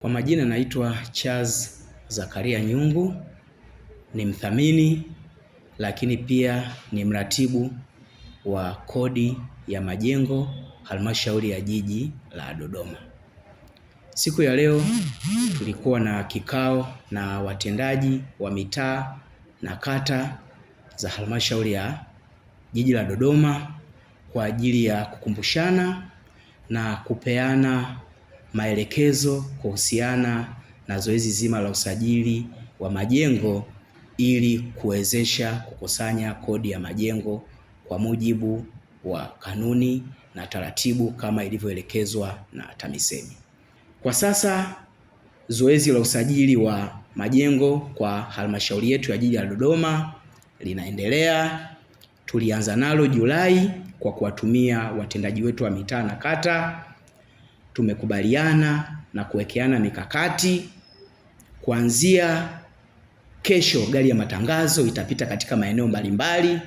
Kwa majina naitwa Charles Zakaria Nyungu, ni mthamini lakini pia ni mratibu wa kodi ya majengo halmashauri ya jiji la Dodoma. Siku ya leo tulikuwa na kikao na watendaji wa mitaa na kata za halmashauri ya jiji la Dodoma kwa ajili ya kukumbushana na kupeana maelekezo kuhusiana na zoezi zima la usajili wa majengo ili kuwezesha kukusanya kodi ya majengo kwa mujibu wa kanuni na taratibu kama ilivyoelekezwa na TAMISEMI. Kwa sasa zoezi la usajili wa majengo kwa halmashauri yetu ya jiji la Dodoma linaendelea. Tulianza nalo Julai kwa kuwatumia watendaji wetu wa mitaa na kata tumekubaliana na kuwekeana mikakati kuanzia kesho, gari ya matangazo itapita katika maeneo mbalimbali.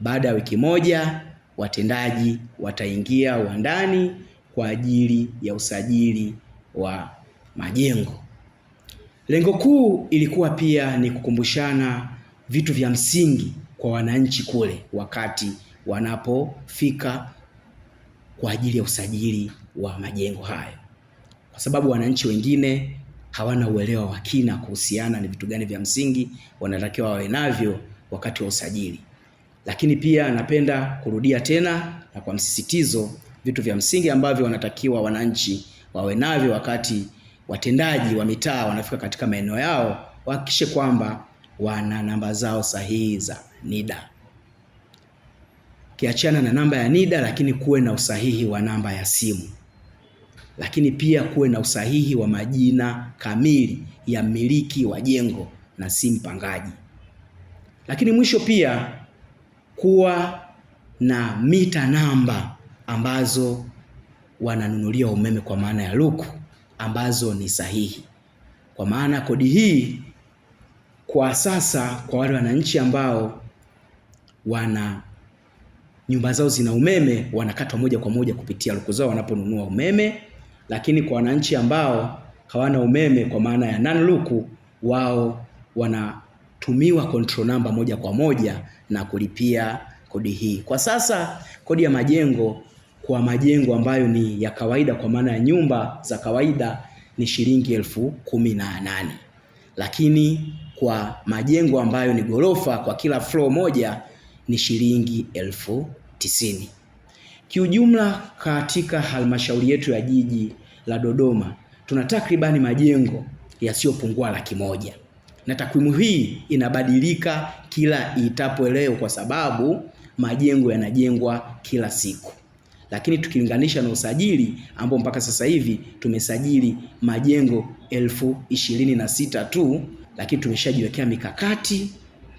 Baada ya wiki moja, watendaji wataingia uwandani kwa ajili ya usajili wa majengo. Lengo kuu ilikuwa pia ni kukumbushana vitu vya msingi kwa wananchi kule wakati wanapofika kwa ajili ya usajili wa majengo hayo, kwa sababu wananchi wengine hawana uelewa wa kina kuhusiana ni vitu gani vya msingi wanatakiwa wawe navyo wakati wa usajili. Lakini pia napenda kurudia tena na kwa msisitizo, vitu vya msingi ambavyo wanatakiwa wananchi wawe navyo wakati watendaji wa mitaa wanafika katika maeneo yao, wahakikishe kwamba wana namba zao sahihi za NIDA kiachana na namba ya NIDA, lakini kuwe na usahihi wa namba ya simu, lakini pia kuwe na usahihi wa majina kamili ya mmiliki wa jengo na si mpangaji. Lakini mwisho pia kuwa na mita namba ambazo wananunulia umeme kwa maana ya luku ambazo ni sahihi, kwa maana kodi hii kwa sasa, kwa wale wananchi ambao wana nyumba zao zina umeme wanakatwa moja kwa moja kupitia ruku zao wanaponunua umeme, lakini kwa wananchi ambao hawana umeme kwa maana ya nan luku, wao wanatumiwa control namba moja kwa moja na kulipia kodi hii. Kwa sasa kodi ya majengo kwa majengo ambayo ni ya kawaida kwa maana ya nyumba za kawaida ni shilingi elfu kumi na nane, lakini kwa majengo ambayo ni ghorofa kwa kila floor moja ni shilingi elfu tisini. Kiujumla, katika halmashauri yetu ya jiji la Dodoma tuna takribani majengo yasiyopungua laki moja na takwimu hii inabadilika kila itapo leo, kwa sababu majengo yanajengwa kila siku, lakini tukilinganisha na usajili ambao mpaka sasa hivi tumesajili majengo elfu ishirini na sita tu, lakini tumeshajiwekea mikakati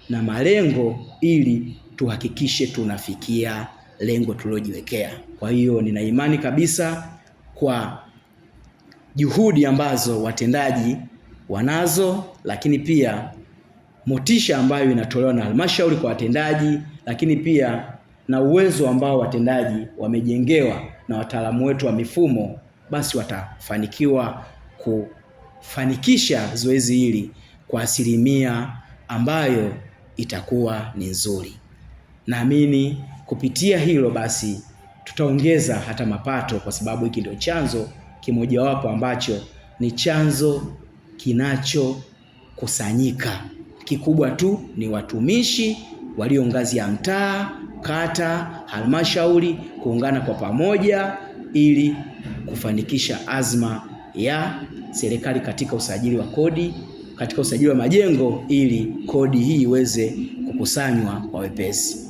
na malengo ili tuhakikishe tunafikia lengo tulilojiwekea. Kwa hiyo nina imani kabisa kwa juhudi ambazo watendaji wanazo, lakini pia motisha ambayo inatolewa na halmashauri kwa watendaji, lakini pia na uwezo ambao watendaji wamejengewa na wataalamu wetu wa mifumo, basi watafanikiwa kufanikisha zoezi hili kwa asilimia ambayo itakuwa ni nzuri. Naamini kupitia hilo basi tutaongeza hata mapato, kwa sababu hiki ndio chanzo kimojawapo ambacho ni chanzo kinachokusanyika kikubwa tu ni watumishi walio ngazi ya mtaa, kata, halmashauri kuungana kwa pamoja ili kufanikisha azma ya serikali katika usajili wa kodi, katika usajili wa majengo ili kodi hii iweze kukusanywa kwa wepesi.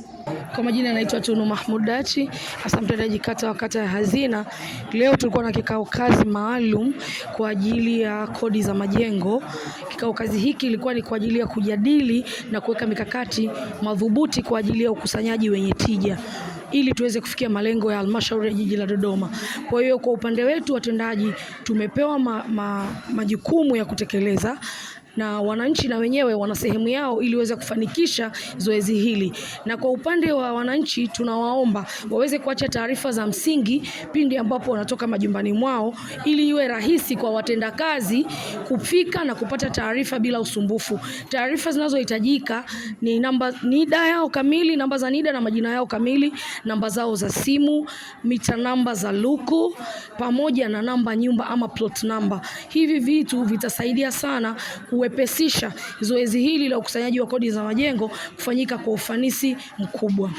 Kwa majina anaitwa Tunu Mahmud Dachi, hasa mtendaji kata wa kata ya Hazina. Leo tulikuwa na kikao kazi maalum kwa ajili ya kodi za majengo. Kikao kazi hiki ilikuwa ni kwa ajili ya kujadili na kuweka mikakati madhubuti kwa ajili ya ukusanyaji wenye tija ili tuweze kufikia malengo ya halmashauri ya jiji la Dodoma. Kwa hiyo kwa upande wetu watendaji tumepewa ma, ma, majukumu ya kutekeleza na wananchi na wenyewe wana sehemu yao ili waweze kufanikisha zoezi hili. Na kwa upande wa wananchi, tunawaomba waweze kuacha taarifa za msingi pindi ambapo wanatoka majumbani mwao, ili iwe rahisi kwa watendakazi kufika na kupata taarifa bila usumbufu. Taarifa zinazohitajika ni namba NIDA yao kamili, namba za NIDA na majina yao kamili, namba zao za simu, mita namba za luku pamoja na namba nyumba ama plot number. Hivi vitu vitasaidia sana kuwe kuwepesisha zoezi hili la ukusanyaji wa kodi za majengo kufanyika kwa ufanisi mkubwa.